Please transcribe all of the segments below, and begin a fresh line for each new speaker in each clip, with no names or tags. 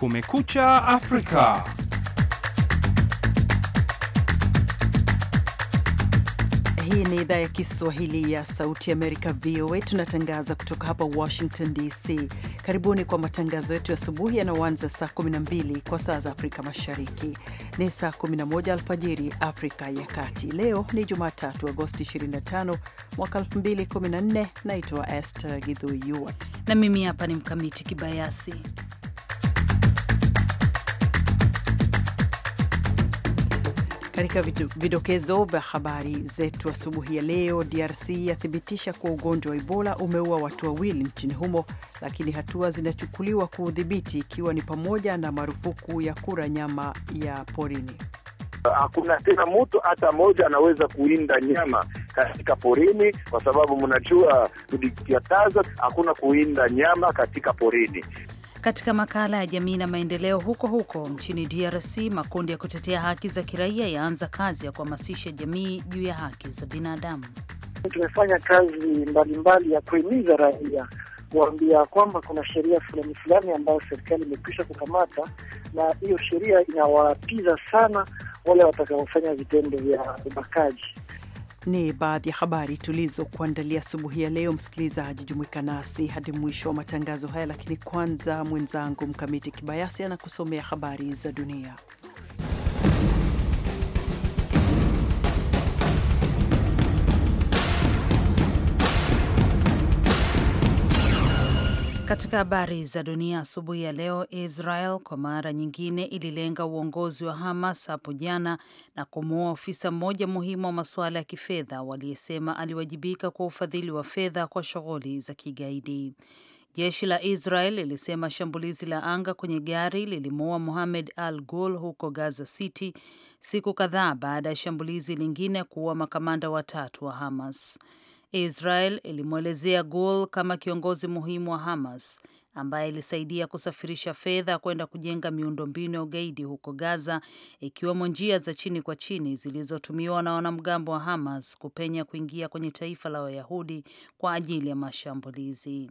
Kumekucha Afrika. Hii ni idhaa ya Kiswahili ya Sauti ya Amerika, VOA. Tunatangaza kutoka hapa Washington DC. Karibuni kwa matangazo yetu ya asubuhi yanayoanza saa 12 kwa saa za Afrika Mashariki, ni saa 11 alfajiri Afrika ya Kati. Leo ni Jumatatu, Agosti 25 mwaka 2014. Naitwa Esther Gidhu na mimi hapa ni Mkamiti Kibayasi Katika vidokezo vya habari zetu asubuhi ya leo, DRC yathibitisha kuwa ugonjwa wa Ebola umeua watu wawili nchini humo, lakini hatua zinachukuliwa kuudhibiti, ikiwa ni pamoja na marufuku ya kura nyama ya porini.
Hakuna tena mtu hata mmoja anaweza kuinda nyama katika porini, kwa sababu mnajua tulikataza, hakuna kuinda nyama katika porini.
Katika makala ya jamii na maendeleo, huko huko nchini DRC, makundi ya kutetea haki za kiraia yaanza kazi ya kuhamasisha jamii juu ya haki za binadamu.
Tumefanya kazi mbalimbali mbali ya kuhimiza raia kuambia kwamba kuna sheria fulani fulani ambayo serikali imekwisha kukamata, na hiyo sheria inawaapiza sana wale watakaofanya vitendo vya ubakaji.
Ni baadhi ya habari tulizokuandalia asubuhi ya leo. Msikilizaji, jumuika nasi hadi mwisho wa matangazo haya, lakini kwanza, mwenzangu Mkamiti Kibayasi anakusomea habari za dunia.
Katika habari za dunia asubuhi ya leo, Israel kwa mara nyingine ililenga uongozi wa Hamas hapo jana na kumuua ofisa mmoja muhimu wa masuala ya kifedha waliyesema aliwajibika kwa ufadhili wa fedha kwa shughuli za kigaidi. Jeshi la Israel lilisema shambulizi la anga kwenye gari lilimuua muhamed Al Gul huko Gaza City, siku kadhaa baada ya shambulizi lingine kuua makamanda watatu wa Hamas. Israel ilimwelezea Gul kama kiongozi muhimu wa Hamas ambaye ilisaidia kusafirisha fedha kwenda kujenga miundombinu ya ugaidi huko Gaza, ikiwemo njia za chini kwa chini zilizotumiwa na wanamgambo wa Hamas kupenya kuingia kwenye taifa la Wayahudi kwa ajili ya mashambulizi.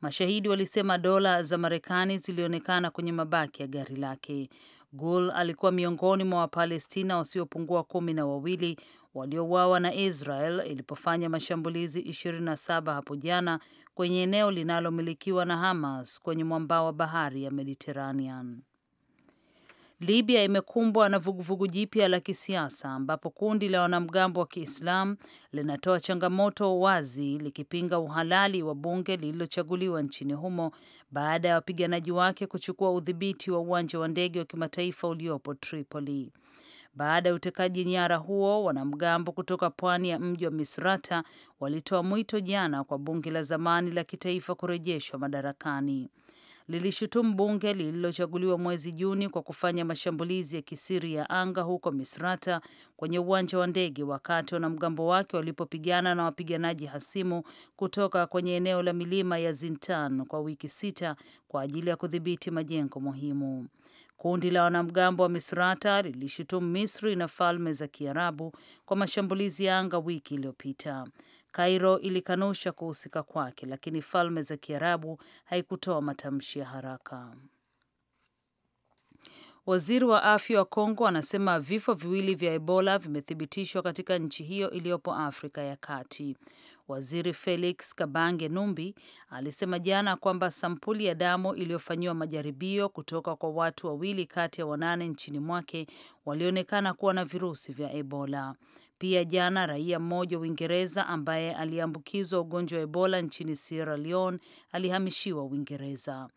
Mashahidi walisema dola za Marekani zilionekana kwenye mabaki ya gari lake. Gul alikuwa miongoni mwa Wapalestina wasiopungua kumi na wawili waliouawa na Israel ilipofanya mashambulizi 27 hapo jana kwenye eneo linalomilikiwa na Hamas kwenye mwambao wa bahari ya Mediterranean. Libya imekumbwa na vuguvugu jipya la kisiasa ambapo kundi la wanamgambo wa Kiislamu linatoa changamoto wazi likipinga uhalali wa bunge lililochaguliwa nchini humo baada ya wapiganaji wake kuchukua udhibiti wa uwanja wa ndege wa kimataifa uliopo Tripoli. Baada ya utekaji nyara huo, wanamgambo kutoka pwani ya mji wa Misrata walitoa mwito jana kwa bunge la zamani la kitaifa kurejeshwa madarakani. Lilishutumu bunge lililochaguliwa mwezi Juni kwa kufanya mashambulizi ya kisiri ya anga huko Misrata kwenye uwanja wa ndege, wakati wanamgambo wake walipopigana na wapiganaji hasimu kutoka kwenye eneo la milima ya Zintan kwa wiki sita kwa ajili ya kudhibiti majengo muhimu. Kundi la wanamgambo wa Misrata lilishutumu Misri na Falme za Kiarabu kwa mashambulizi ya anga wiki iliyopita. Kairo ilikanusha kuhusika kwake, lakini Falme za Kiarabu haikutoa matamshi ya haraka. Waziri wa afya wa Kongo anasema vifo viwili vya Ebola vimethibitishwa katika nchi hiyo iliyopo Afrika ya Kati. Waziri Felix Kabange Numbi alisema jana kwamba sampuli ya damu iliyofanyiwa majaribio kutoka kwa watu wawili kati ya wanane nchini mwake walionekana kuwa na virusi vya Ebola. Pia jana raia mmoja Uingereza ambaye aliambukizwa ugonjwa wa Ebola nchini Sierra Leone alihamishiwa Uingereza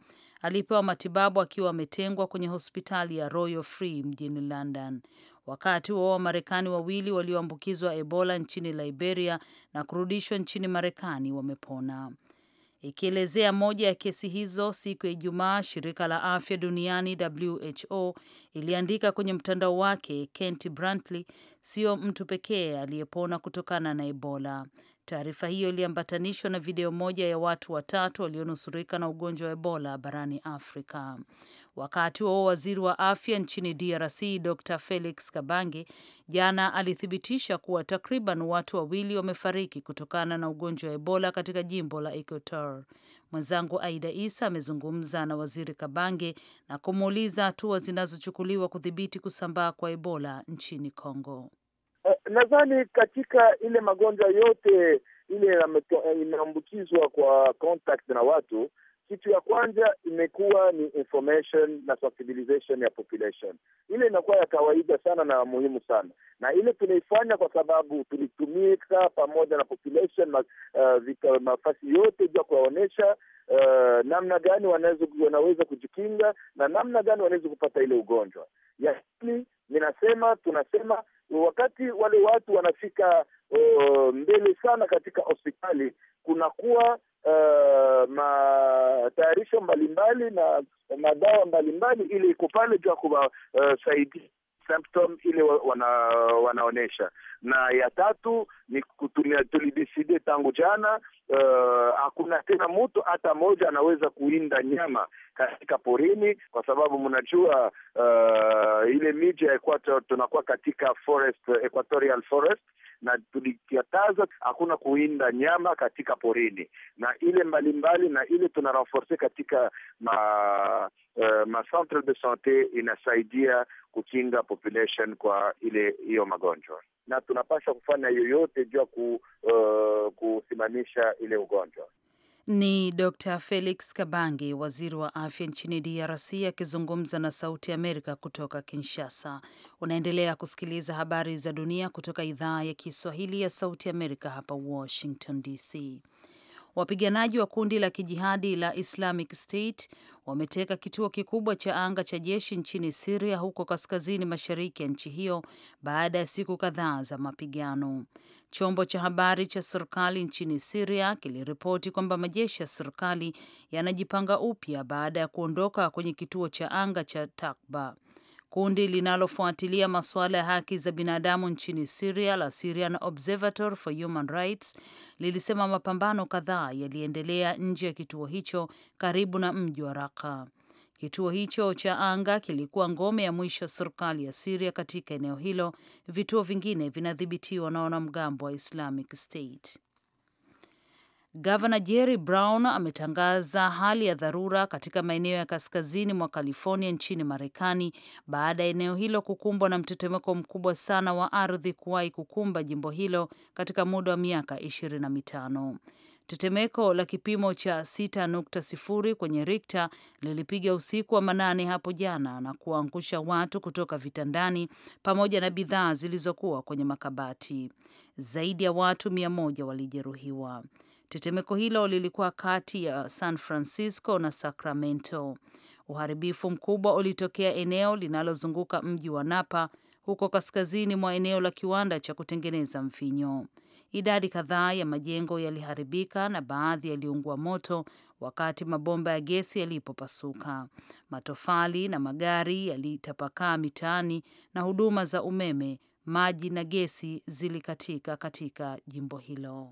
alipewa matibabu akiwa ametengwa kwenye hospitali ya Royal Free mjini London. Wakati huo Wamarekani wawili walioambukizwa Ebola nchini Liberia na kurudishwa nchini Marekani wamepona. Ikielezea moja ya kesi hizo siku ya Ijumaa, shirika la afya duniani WHO iliandika kwenye mtandao wake, Kent Brantly sio mtu pekee aliyepona kutokana na Ebola. Taarifa hiyo iliambatanishwa na video moja ya watu watatu walionusurika na ugonjwa wa Ebola barani Afrika. Wakati huo waziri wa afya nchini DRC Dr Felix Kabange jana alithibitisha kuwa takriban watu wawili wamefariki kutokana na ugonjwa wa Ebola katika jimbo la equator Mwenzangu Aida Isa amezungumza na waziri Kabange na kumuuliza hatua zinazochukuliwa kudhibiti kusambaa kwa Ebola nchini Kongo.
Eh, nadhani katika ile magonjwa yote ile eh, inaambukizwa kwa contact na watu, kitu ya kwanza imekuwa ni information na sensibilization ya population. Ile inakuwa ya kawaida sana na muhimu sana, na ile tunaifanya kwa sababu tulitumika pamoja na population ma, uh, eh, vita, mafasi yote ya kuwaonyesha uh, namna gani wanaweza, wanaweza kujikinga na namna gani wanaweza kupata ile ugonjwa ya pili. Ninasema tunasema wakati wale watu wanafika uh, mbele sana katika hospitali, kunakuwa uh, matayarisho mbalimbali na madawa mbalimbali ili iko pale juu ya kuwasaidia uh, symptom ile wana, wanaonyesha Na ya tatu ni tulideside tangu jana Eh, hakuna tena mtu hata moja anaweza kuinda nyama katika porini, kwa sababu mnajua uh, ile miji ya Equator tunakuwa katika forest, equatorial forest na tulikataza hakuna kuinda nyama katika porini na ile mbalimbali mbali, na ile renforce katika ma uh, ma centre de sante inasaidia kukinga population kwa ile hiyo magonjwa na tunapaswa kufanya yoyote juu ya ku, uh, kusimamisha ile ugonjwa.
Ni Dr. Felix Kabange, waziri wa afya nchini DRC akizungumza na Sauti Amerika kutoka Kinshasa. Unaendelea kusikiliza habari za dunia kutoka idhaa ya Kiswahili ya Sauti Amerika hapa Washington DC. Wapiganaji wa kundi la kijihadi la Islamic State wameteka kituo kikubwa cha anga cha jeshi nchini Siria huko kaskazini mashariki ya nchi hiyo baada ya siku kadhaa za mapigano. Chombo cha habari cha serikali nchini Siria kiliripoti kwamba majeshi ya serikali yanajipanga upya baada ya kuondoka kwenye kituo cha anga cha Takba. Kundi linalofuatilia masuala ya haki za binadamu nchini Syria la Syrian Observatory for Human Rights lilisema mapambano kadhaa yaliendelea nje ya kituo hicho karibu na mji wa Raqqa. Kituo hicho cha anga kilikuwa ngome ya mwisho ya serikali ya Syria katika eneo hilo. Vituo vingine vinadhibitiwa na wanamgambo wa Islamic State. Gavana Jerry Brown ametangaza hali ya dharura katika maeneo ya kaskazini mwa California nchini Marekani baada ya eneo hilo kukumbwa na mtetemeko mkubwa sana wa ardhi kuwahi kukumba jimbo hilo katika muda wa miaka ishirini na mitano. Tetemeko la kipimo cha 6.0 kwenye Richter lilipiga usiku wa manane hapo jana na kuwaangusha watu kutoka vitandani pamoja na bidhaa zilizokuwa kwenye makabati. Zaidi ya watu mia moja walijeruhiwa. Tetemeko hilo lilikuwa kati ya San Francisco na Sacramento. Uharibifu mkubwa ulitokea eneo linalozunguka mji wa Napa huko kaskazini mwa eneo la kiwanda cha kutengeneza mvinyo. Idadi kadhaa ya majengo yaliharibika na baadhi yaliungua moto wakati mabomba ya gesi yalipopasuka. Matofali na magari yalitapakaa mitaani na huduma za umeme, maji na gesi zilikatika katika jimbo hilo.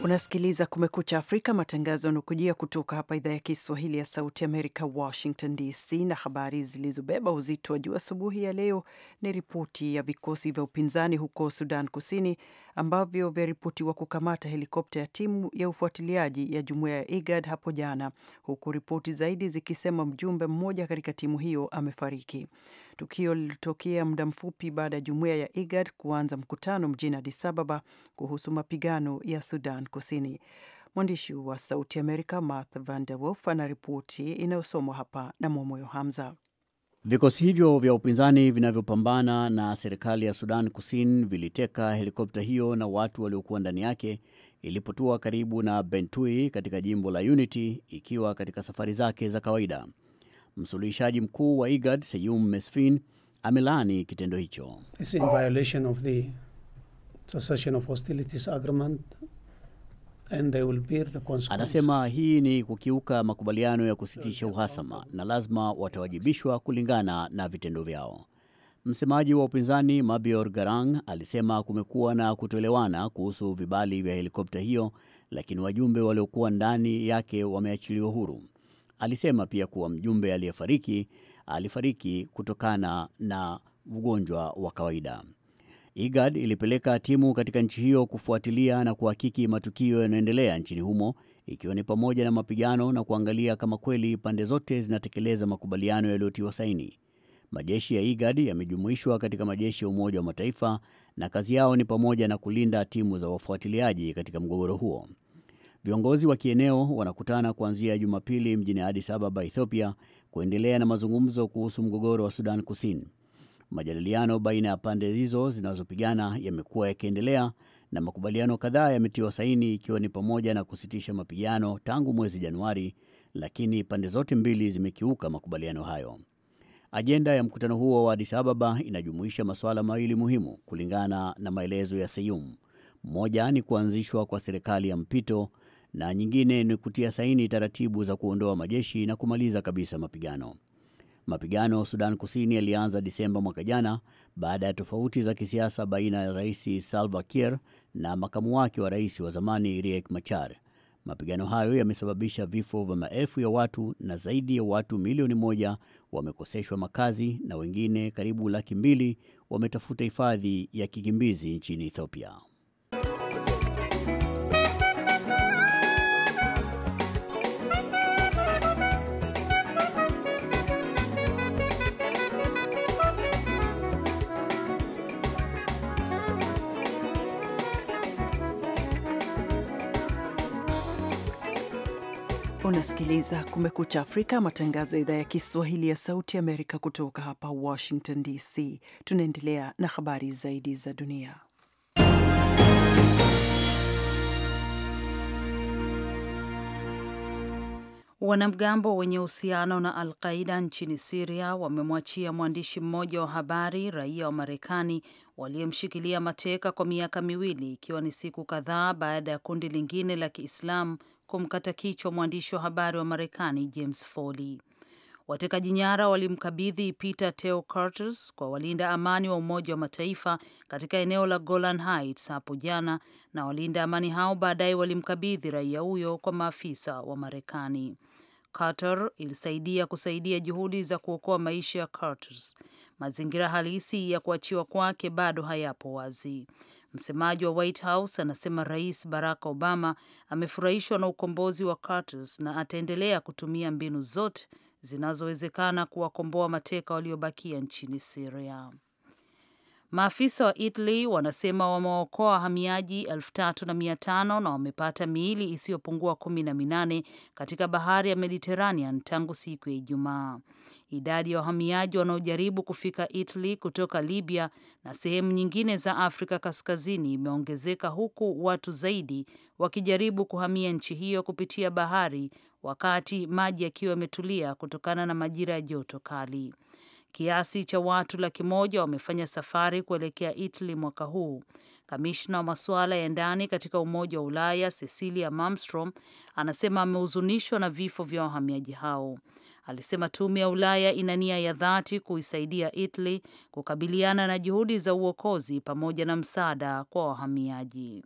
Unasikiliza Kumekucha Afrika, matangazo yanakujia kutoka hapa idhaa ya Kiswahili ya Sauti Amerika, Washington DC. Na habari zilizobeba uzito wa juu asubuhi ya leo ni ripoti ya vikosi vya upinzani huko Sudan Kusini ambavyo vyaripotiwa kukamata helikopta ya timu ya ufuatiliaji ya jumuiya ya IGAD hapo jana, huku ripoti zaidi zikisema mjumbe mmoja katika timu hiyo amefariki. Tukio lilitokea muda mfupi baada ya jumuiya ya IGAD kuanza mkutano mjini Addis Ababa kuhusu mapigano ya Sudan Kusini. Mwandishi wa Sauti Amerika math Van Der Wolf ana ripoti inayosomwa hapa na Mwamoyo Hamza.
Vikosi hivyo vya upinzani vinavyopambana na serikali ya Sudan Kusini viliteka helikopta hiyo na watu waliokuwa ndani yake ilipotua karibu na Bentui katika jimbo la Unity ikiwa katika safari zake za kawaida. Msuluhishaji mkuu wa IGAD Seyum Mesfin amelaani kitendo hicho. Anasema hii ni kukiuka makubaliano ya kusitisha uhasama na lazima watawajibishwa kulingana na vitendo vyao. Msemaji wa upinzani Mabior Garang alisema kumekuwa na kutoelewana kuhusu vibali vya helikopta hiyo, lakini wajumbe waliokuwa ndani yake wameachiliwa huru. Alisema pia kuwa mjumbe aliyefariki alifariki kutokana na ugonjwa wa kawaida. IGAD ilipeleka timu katika nchi hiyo kufuatilia na kuhakiki matukio yanayoendelea nchini humo ikiwa ni pamoja na mapigano na kuangalia kama kweli pande zote zinatekeleza makubaliano yaliyotiwa saini. Majeshi ya IGAD yamejumuishwa katika majeshi ya Umoja wa Mataifa na kazi yao ni pamoja na kulinda timu za wafuatiliaji katika mgogoro huo. Viongozi wa kieneo wanakutana kuanzia Jumapili mjini Addis Ababa, Ethiopia, kuendelea na mazungumzo kuhusu mgogoro wa Sudan Kusini. Majadiliano baina ya pande hizo zinazopigana yamekuwa yakiendelea na makubaliano kadhaa yametiwa saini, ikiwa ni pamoja na kusitisha mapigano tangu mwezi Januari, lakini pande zote mbili zimekiuka makubaliano hayo. Ajenda ya mkutano huo wa Addis Ababa inajumuisha masuala mawili muhimu kulingana na maelezo ya Seyum. Moja ni kuanzishwa kwa serikali ya mpito na nyingine ni kutia saini taratibu za kuondoa majeshi na kumaliza kabisa mapigano. Mapigano Sudan Kusini yalianza Disemba mwaka jana baada ya tofauti za kisiasa baina ya Rais Salva Kiir na makamu wake wa rais wa zamani Riek Machar. Mapigano hayo yamesababisha vifo vya maelfu ya watu na zaidi ya watu milioni moja wamekoseshwa makazi na wengine karibu laki mbili wametafuta hifadhi ya kikimbizi nchini Ethiopia.
Unasikiliza Kumekucha Afrika, matangazo ya idhaa ya Kiswahili ya Sauti Amerika kutoka hapa Washington DC. Tunaendelea na habari zaidi za dunia.
Wanamgambo wenye uhusiano na Al Qaida nchini Siria wamemwachia mwandishi mmoja wa habari raia wa Marekani waliyemshikilia mateka kwa miaka miwili, ikiwa ni siku kadhaa baada ya kundi lingine la Kiislamu kumkata kichwa mwandishi wa habari wa Marekani James Foley. Watekaji nyara walimkabidhi Peter teo Carters kwa walinda amani wa Umoja wa Mataifa katika eneo la Golan Heights hapo jana, na walinda amani hao baadaye walimkabidhi raia huyo kwa maafisa wa Marekani. Carter ilisaidia kusaidia juhudi za kuokoa maisha ya Carters. Mazingira halisi ya kuachiwa kwake bado hayapo wazi. Msemaji wa White House anasema Rais Barack Obama amefurahishwa na ukombozi wa Curtis na ataendelea kutumia mbinu zote zinazowezekana kuwakomboa mateka waliobakia nchini Syria. Maafisa wa Italy wanasema wamewaokoa wahamiaji elfu tatu na mia tano na wamepata miili isiyopungua kumi na minane katika bahari ya Mediterranean tangu siku ya Ijumaa. Idadi ya wahamiaji wanaojaribu kufika Italy kutoka Libya na sehemu nyingine za Afrika Kaskazini imeongezeka huku watu zaidi wakijaribu kuhamia nchi hiyo kupitia bahari wakati maji yakiwa yametulia kutokana na majira ya joto kali. Kiasi cha watu laki moja wamefanya safari kuelekea Italy mwaka huu. Kamishna wa masuala ya ndani katika Umoja wa Ulaya Cecilia Malmstrom anasema amehuzunishwa na vifo vya wahamiaji hao. Alisema tume ya Ulaya ina nia ya dhati kuisaidia Italy kukabiliana na juhudi za uokozi pamoja na msaada kwa wahamiaji.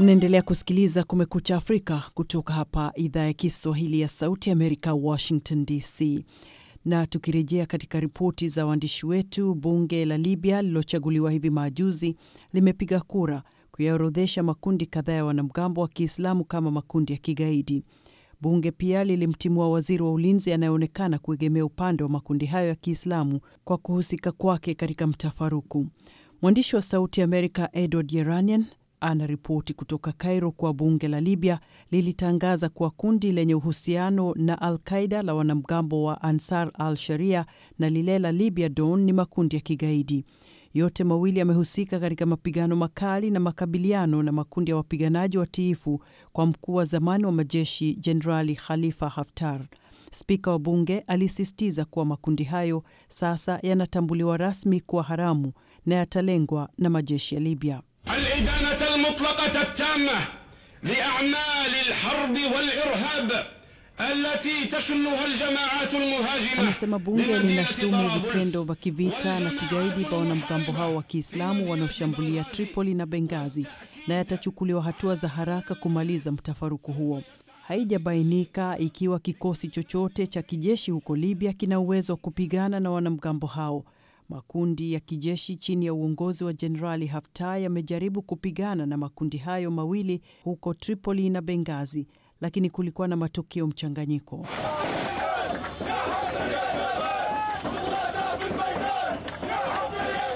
Mnaendelea kusikiliza Kumekucha Afrika kutoka hapa idhaa ya Kiswahili ya Sauti Amerika, Washington DC. Na tukirejea katika ripoti za waandishi wetu, bunge la Libya lililochaguliwa hivi majuzi limepiga kura kuyaorodhesha makundi kadhaa ya wanamgambo wa Kiislamu kama makundi ya kigaidi. Bunge pia lilimtimua waziri wa ulinzi anayeonekana kuegemea upande wa makundi hayo ya Kiislamu kwa kuhusika kwake katika mtafaruku. Mwandishi wa Sauti Amerika Edward Yeranian anaripoti kutoka Cairo kuwa bunge la Libya lilitangaza kuwa kundi lenye uhusiano na Al Qaida la wanamgambo wa Ansar al Sharia na lile la Libya Dawn ni makundi ya kigaidi. Yote mawili yamehusika katika mapigano makali na makabiliano na makundi ya wapiganaji watiifu kwa mkuu wa zamani wa majeshi Jenerali Khalifa Haftar. Spika wa bunge alisisitiza kuwa makundi hayo sasa yanatambuliwa rasmi kuwa haramu na yatalengwa na majeshi ya Libya.
الإدانة المطلقة التامة لأعمال الحرب والإرهاب التي تشنها bunge linashtumu vitendo
vya kivita na kigaidi vya wanamgambo hao wa Kiislamu wanaoshambulia Tripoli na Bengazi na yatachukuliwa hatua za haraka kumaliza mtafaruku huo. Haijabainika ikiwa kikosi chochote cha kijeshi huko Libya kina uwezo wa kupigana na wanamgambo hao. Makundi ya kijeshi chini ya uongozi wa Jenerali Haftar yamejaribu kupigana na makundi hayo mawili huko Tripoli na Benghazi, lakini kulikuwa na matukio mchanganyiko.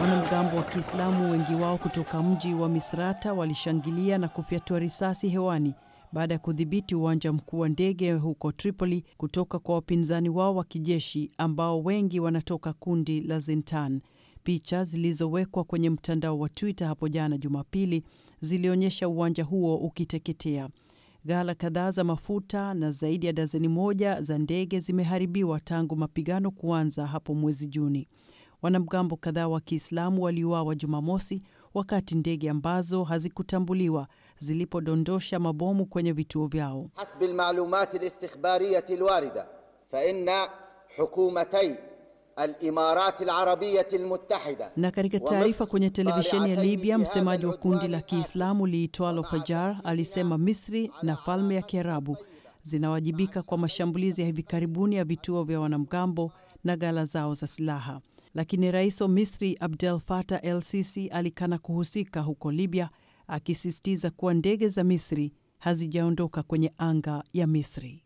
Wanamgambo wa Kiislamu wengi wao kutoka mji wa Misrata walishangilia na kufyatua risasi hewani baada ya kudhibiti uwanja mkuu wa ndege huko Tripoli kutoka kwa wapinzani wao wa kijeshi ambao wengi wanatoka kundi la Zintan. Picha zilizowekwa kwenye mtandao wa Twitter hapo jana Jumapili zilionyesha uwanja huo ukiteketea. Ghala kadhaa za mafuta na zaidi ya dazeni moja za ndege zimeharibiwa tangu mapigano kuanza hapo mwezi Juni. Wanamgambo kadhaa wa Kiislamu waliuawa Jumamosi wakati ndege ambazo hazikutambuliwa zilipodondosha mabomu kwenye vituo vyao.
hasbi almalumat alistikhbariyat alwarida
Na katika taarifa kwenye televisheni ya Libya, msemaji wa kundi la Kiislamu liitwalo Fajar alisema Misri na falme ya Kiarabu zinawajibika kwa mashambulizi ya hivi karibuni ya vituo vya wanamgambo na ghala zao za silaha. Lakini rais wa Misri Abdel Fattah El Sisi alikana kuhusika huko Libya akisisitiza kuwa ndege za Misri hazijaondoka kwenye anga ya Misri.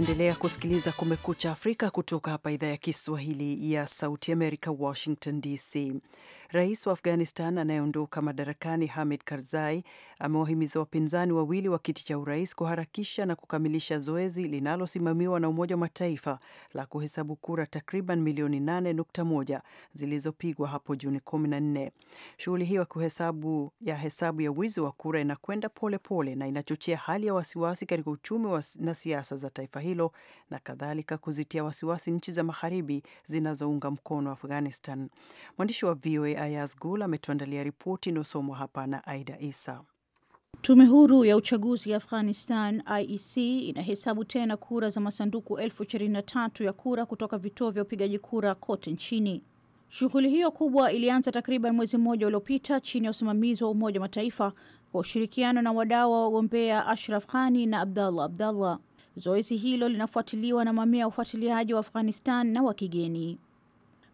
Unaendelea kusikiliza Kumekucha Afrika kutoka hapa idhaa ya Kiswahili ya Sauti Amerika, Washington DC. Rais wa Afghanistan anayeondoka madarakani Hamid Karzai amewahimiza wapinzani wawili wa kiti cha urais kuharakisha na kukamilisha zoezi linalosimamiwa na Umoja wa Mataifa la kuhesabu kura takriban milioni 8.1 zilizopigwa hapo Juni 14. Shughuli hiyo kuhesabu ya hesabu ya wizi wa kura inakwenda polepole na inachochea hali ya wasiwasi katika uchumi wa na siasa za taifa hilo na kadhalika kuzitia wasiwasi nchi za magharibi zinazounga mkono Afghanistan. Mwandishi wa VOA Ayaz Gul ametuandalia ripoti inayosomwa hapa na Aida Isa.
Tume huru ya uchaguzi ya Afghanistan, IEC, inahesabu tena kura za masanduku elfu ishirini na tatu ya kura kutoka vituo vya upigaji kura kote nchini. Shughuli hiyo kubwa ilianza takriban mwezi mmoja uliopita chini ya usimamizi wa Umoja wa Mataifa kwa ushirikiano na wadau wa wagombea Ashraf Ghani na Abdallah Abdallah. Zoezi hilo linafuatiliwa na mamia ya ufuatiliaji wa Afghanistan na wa kigeni.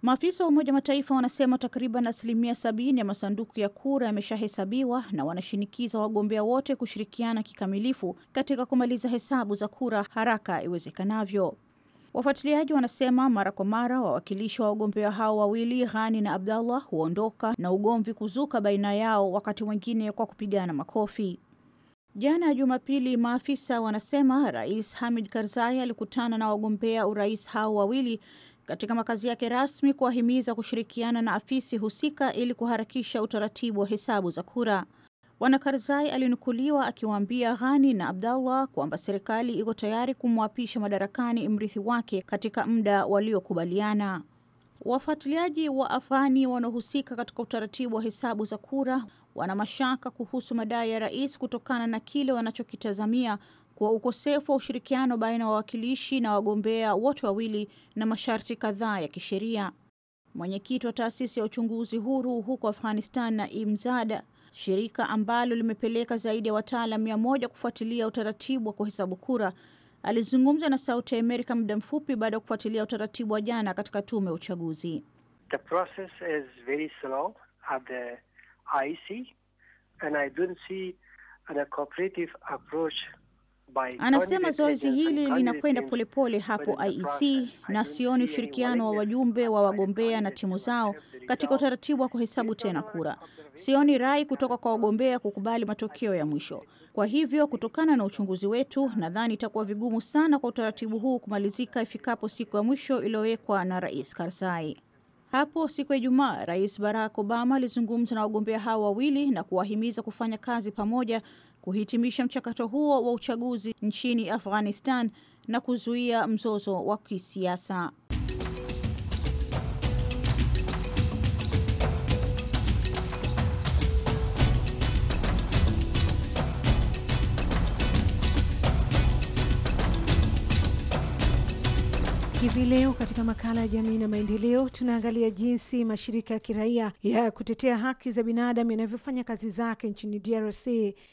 Maafisa wa Umoja Mataifa wanasema takriban asilimia sabini ya masanduku ya kura yameshahesabiwa na wanashinikiza wagombea wote kushirikiana kikamilifu katika kumaliza hesabu za kura haraka iwezekanavyo. Wafuatiliaji wanasema mara kwa mara wawakilishi wa wagombea hao wawili Ghani na Abdallah huondoka na ugomvi kuzuka baina yao, wakati mwingine kwa kupigana makofi. Jana Jumapili, maafisa wanasema Rais Hamid Karzai alikutana na wagombea urais hao wawili katika makazi yake rasmi kuwahimiza kushirikiana na afisi husika ili kuharakisha utaratibu wa hesabu za kura. Bwana Karzai alinukuliwa akiwaambia Ghani na Abdallah kwamba serikali iko tayari kumwapisha madarakani mrithi wake katika muda waliokubaliana. Wafuatiliaji wa Afani wanaohusika katika utaratibu wa hesabu za kura wana mashaka kuhusu madai ya rais kutokana na kile wanachokitazamia kwa ukosefu wa ushirikiano baina ya wawakilishi na wagombea wote wawili na masharti kadhaa ya kisheria. Mwenyekiti wa taasisi ya uchunguzi huru huko Afghanistan na Imzada, shirika ambalo limepeleka zaidi ya wataalam mia moja kufuatilia utaratibu wa kuhesabu kura, alizungumza na Sauti ya Amerika muda mfupi baada ya kufuatilia utaratibu wa jana katika tume ya uchaguzi.
The process is very slow at the and I don't see an cooperative approach Anasema zoezi hili linakwenda
polepole hapo IEC, e na sioni ushirikiano wa wajumbe wa wagombea na timu zao katika utaratibu wa kuhesabu tena kura. Sioni rai kutoka kwa wagombea kukubali matokeo ya mwisho. Kwa hivyo, kutokana na uchunguzi wetu, nadhani itakuwa vigumu sana kwa utaratibu huu kumalizika ifikapo siku ya mwisho iliyowekwa na Rais Karzai. Hapo siku ya Ijumaa, Rais Barack Obama alizungumza na wagombea hao wawili na kuwahimiza kufanya kazi pamoja kuhitimisha mchakato huo wa uchaguzi nchini Afghanistan na kuzuia mzozo wa kisiasa.
Hivi leo katika makala ya jamii na maendeleo tunaangalia jinsi mashirika ya kiraia ya kutetea haki za binadamu yanavyofanya kazi zake nchini DRC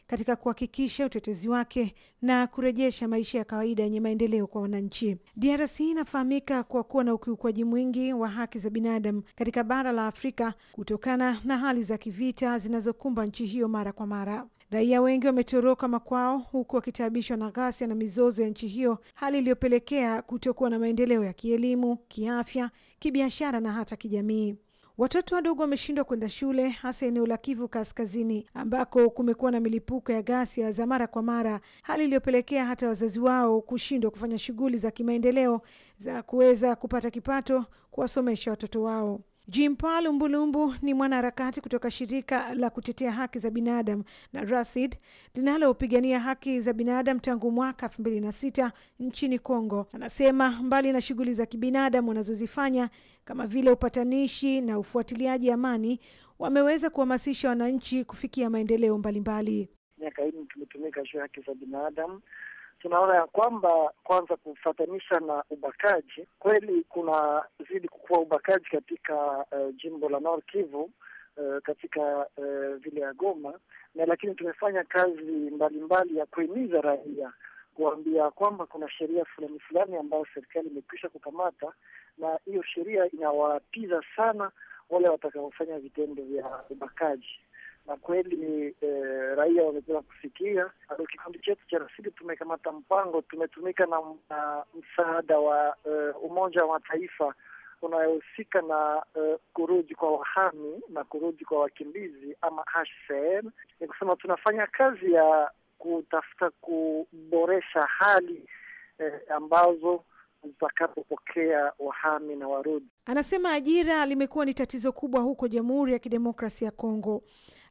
katika kuhakikisha utetezi wake na kurejesha maisha ya kawaida yenye maendeleo kwa wananchi. DRC inafahamika kwa kuwa na ukiukwaji mwingi wa haki za binadamu katika bara la Afrika kutokana na hali za kivita zinazokumba nchi hiyo mara kwa mara. Raia wengi wametoroka makwao huku wakitaabishwa na ghasia na mizozo ya nchi hiyo, hali iliyopelekea kutokuwa na maendeleo ya kielimu, kiafya, kibiashara na hata kijamii. Watoto wadogo wameshindwa kwenda shule, hasa eneo la Kivu Kaskazini ambako kumekuwa na milipuko ya ghasia za mara kwa mara, hali iliyopelekea hata wazazi wao kushindwa kufanya shughuli za kimaendeleo za kuweza kupata kipato kuwasomesha watoto wao. Jimpa Lumbulumbu ni mwanaharakati kutoka shirika la kutetea haki za binadamu na Rasid linalopigania haki za binadamu tangu mwaka elfu mbili na sita nchini Kongo. Anasema mbali na shughuli za kibinadamu wanazozifanya kama vile upatanishi na ufuatiliaji amani, wameweza kuhamasisha wananchi kufikia maendeleo mbalimbali.
Miaka hii tumetumika juu ya haki za binadamu tunaona ya kwamba kwanza, kufatanisha na ubakaji, kweli kunazidi kukuwa ubakaji katika uh, jimbo la nor Kivu uh, katika uh, vile ya Goma na lakini tumefanya kazi mbalimbali mbali ya kuhimiza raia kuambia kwamba kuna sheria fulani fulani ambayo serikali imekwisha kukamata, na hiyo sheria inawapiza sana wale watakaofanya vitendo vya ubakaji na kweli eh, raia wameweza kusikia. Kikundi chetu cha Rasidi tumekamata mpango, tumetumika na na msaada wa uh, Umoja wa Mataifa unayohusika na uh, eh, kurudi kwa wahami na kurudi kwa wakimbizi ama HCR. Ni kusema tunafanya kazi ya kutafuta kuboresha hali eh, ambazo zitakapopokea wahami na warudi.
Anasema ajira limekuwa ni tatizo kubwa huko Jamhuri ya Kidemokrasia ya Kongo.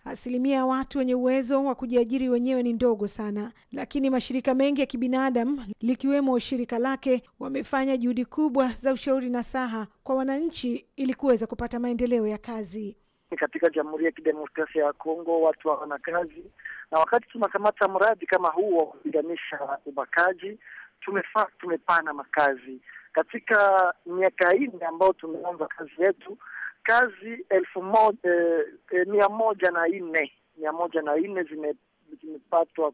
Asilimia ya watu wenye uwezo wa kujiajiri wenyewe ni ndogo sana, lakini mashirika mengi ya kibinadamu likiwemo shirika lake wamefanya juhudi kubwa za ushauri na saha kwa wananchi ili kuweza kupata maendeleo ya kazi.
Katika Jamhuri ya Kidemokrasia ya Kongo watu hawana kazi, na wakati tunakamata mradi kama huu wa kupiganisha ubakaji tumefaa tumepana makazi katika miaka nne ambayo tumeanza kazi yetu kazi elfu moja, eh, eh, mia moja na nne mia moja na nne zimepatwa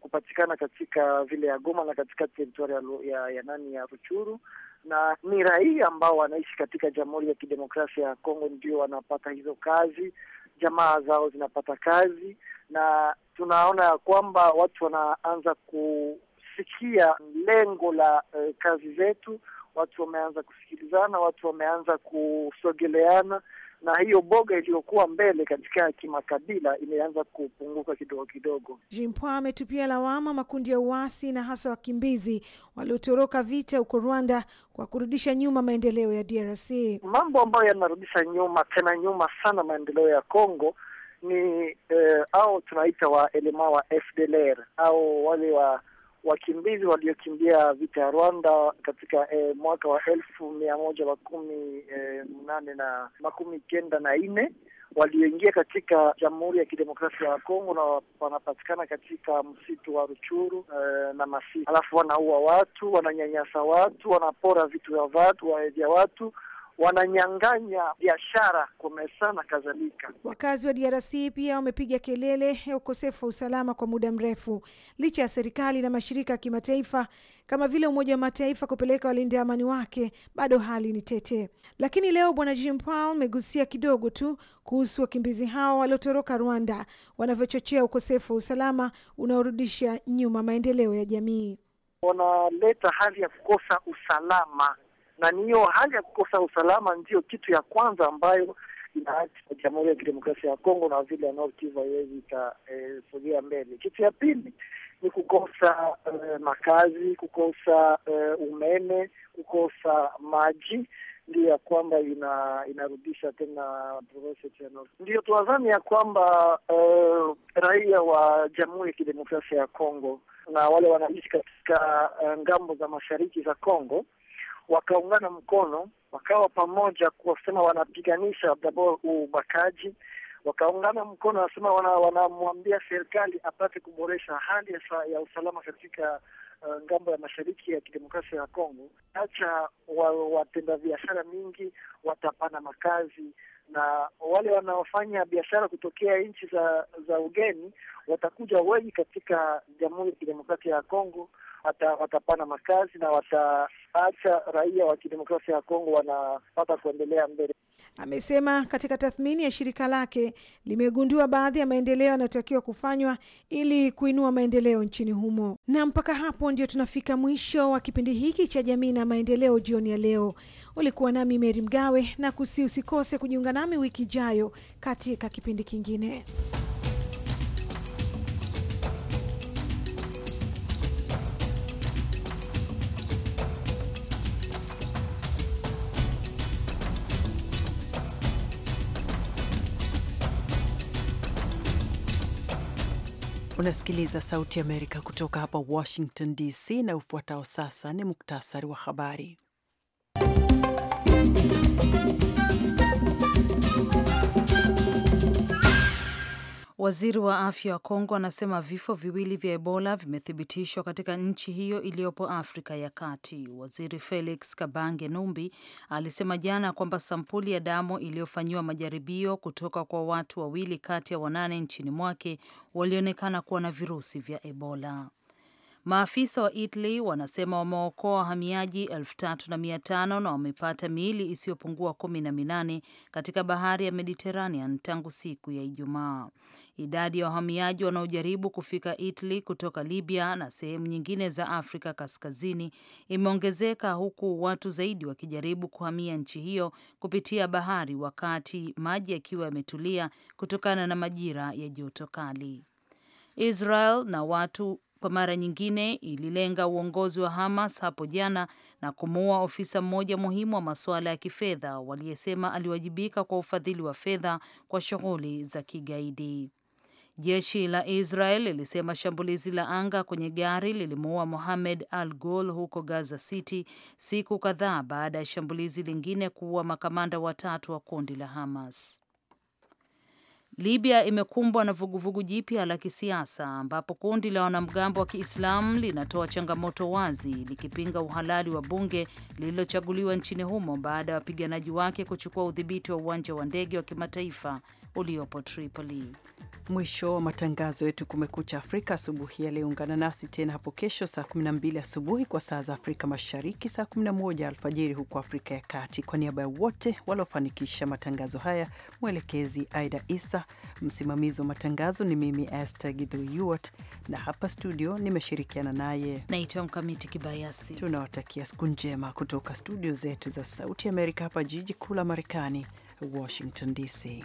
kupatikana katika vile ya Goma na katika teritoria ya, ya nani ya Ruchuru, na ni raia ambao wanaishi katika Jamhuri ya Kidemokrasia ya Kongo ndio wanapata hizo kazi, jamaa zao zinapata kazi, na tunaona ya kwamba watu wanaanza kusikia lengo la uh, kazi zetu watu wameanza kusikilizana, watu wameanza kusogeleana, na hiyo boga iliyokuwa mbele katika kimakabila imeanza kupunguka kidogo kidogo.
Jimpwa ametupia lawama makundi ya uasi na hasa wakimbizi waliotoroka vita huko Rwanda kwa kurudisha nyuma
maendeleo ya DRC. Mambo ambayo yanarudisha nyuma tena nyuma sana maendeleo ya Kongo ni eh, au tunaita wa elema wa FDLR au wale wa wakimbizi waliokimbia vita ya Rwanda katika eh, mwaka wa elfu mia moja makumi eh, nane na makumi kenda na nne walioingia katika Jamhuri ya Kidemokrasia ya Kongo na wanapatikana katika msitu wa Ruchuru eh, na Masisi, alafu wanaua watu, wananyanyasa watu, wanapora vitu vya watu, vya watu wananyang'anya biashara, kumesa na kadhalika. Wakazi
wa DRC pia wamepiga kelele ya ukosefu wa usalama kwa muda mrefu, licha ya serikali na mashirika ya kimataifa kama vile Umoja wa Mataifa kupeleka walinda amani wake, bado hali ni tete. Lakini leo Bwana Jim Paul amegusia kidogo tu kuhusu wakimbizi hao waliotoroka Rwanda wanavyochochea ukosefu wa usalama unaorudisha nyuma
maendeleo ya jamii. Wanaleta hali ya kukosa usalama na ni hiyo hali ya kukosa usalama ndiyo kitu ya kwanza ambayo inaacha Jamhuri ya Kidemokrasia ya Kongo na vile anaokiva haiwezi ikasogea eh, mbele. Kitu ya pili ni kukosa e, makazi, kukosa e, umeme, kukosa maji ndio ya kwamba ina, inarudisha tena ndiyo tuwazani ya kwamba uh, raia wa Jamhuri ya Kidemokrasia ya Kongo na wale wanaishi katika uh, ngambo za mashariki za Kongo wakaungana mkono, wakawa pamoja kusema wanapiganisha dabo ubakaji, wakaungana mkono, wanasema wanamwambia wana serikali apate kuboresha hali ya, ya usalama katika Uh, ngambo ya mashariki ya kidemokrasia ya Kongo, acha watenda wa biashara mingi watapana makazi, na wale wanaofanya biashara kutokea nchi za za ugeni watakuja wengi katika Jamhuri ya Kidemokrasia ya Kongo watapana makazi na wataacha raia wa kidemokrasia ya Kongo wanapata kuendelea mbele. Amesema katika tathmini ya shirika lake
limegundua baadhi ya maendeleo yanayotakiwa kufanywa ili kuinua maendeleo nchini humo. Na mpaka hapo ndio tunafika mwisho wa kipindi hiki cha Jamii na Maendeleo jioni ya leo. Ulikuwa nami Meri Mgawe na kusi, usikose kujiunga nami wiki ijayo katika kipindi kingine.
Unasikiliza Sauti ya Amerika kutoka hapa Washington DC, na ufuatao sasa ni muktasari wa habari.
Waziri wa afya wa Kongo anasema vifo viwili vya Ebola vimethibitishwa katika nchi hiyo iliyopo Afrika ya Kati. Waziri Felix Kabange Numbi alisema jana kwamba sampuli ya damu iliyofanyiwa majaribio kutoka kwa watu wawili kati ya wanane nchini mwake walionekana kuwa na virusi vya Ebola. Maafisa wa Italy wanasema wameokoa wahamiaji elfu tatu na mia tano na wamepata miili isiyopungua kumi na minane katika bahari ya Mediterranean tangu siku ya Ijumaa. Idadi ya wahamiaji wanaojaribu kufika Italy kutoka Libya na sehemu nyingine za Afrika Kaskazini imeongezeka huku watu zaidi wakijaribu kuhamia nchi hiyo kupitia bahari, wakati maji yakiwa yametulia kutokana na majira ya joto kali. Israel na watu kwa mara nyingine ililenga uongozi wa Hamas hapo jana na kumuua ofisa mmoja muhimu wa masuala ya kifedha waliyesema aliwajibika kwa ufadhili wa fedha kwa shughuli za kigaidi. Jeshi la Israel lilisema shambulizi la anga kwenye gari lilimuua Mohamed Al gol huko Gaza City siku kadhaa baada ya shambulizi lingine kuua makamanda watatu wa kundi la Hamas. Libya imekumbwa na vuguvugu jipya la kisiasa ambapo kundi la wanamgambo wa Kiislamu linatoa changamoto wazi likipinga uhalali wa bunge lililochaguliwa nchini humo baada ya wapiganaji wake kuchukua udhibiti wa uwanja wa ndege wa kimataifa uliopo
Tripoli. Mwisho wa matangazo yetu Kumekucha Afrika asubuhi ya leo. Ungana nasi tena hapo kesho saa 12 asubuhi kwa saa za Afrika Mashariki, saa 11 alfajiri huko Afrika ya Kati. Kwa niaba ya wote waliofanikisha matangazo haya, mwelekezi Aida Isa, msimamizi wa matangazo ni mimi Esther Gidhyuat, na hapa studio nimeshirikiana naye naitwa Mkamiti Kibayasi. Tunawatakia siku njema kutoka studio zetu za Sauti Amerika hapa jiji kuu la Marekani, Washington DC.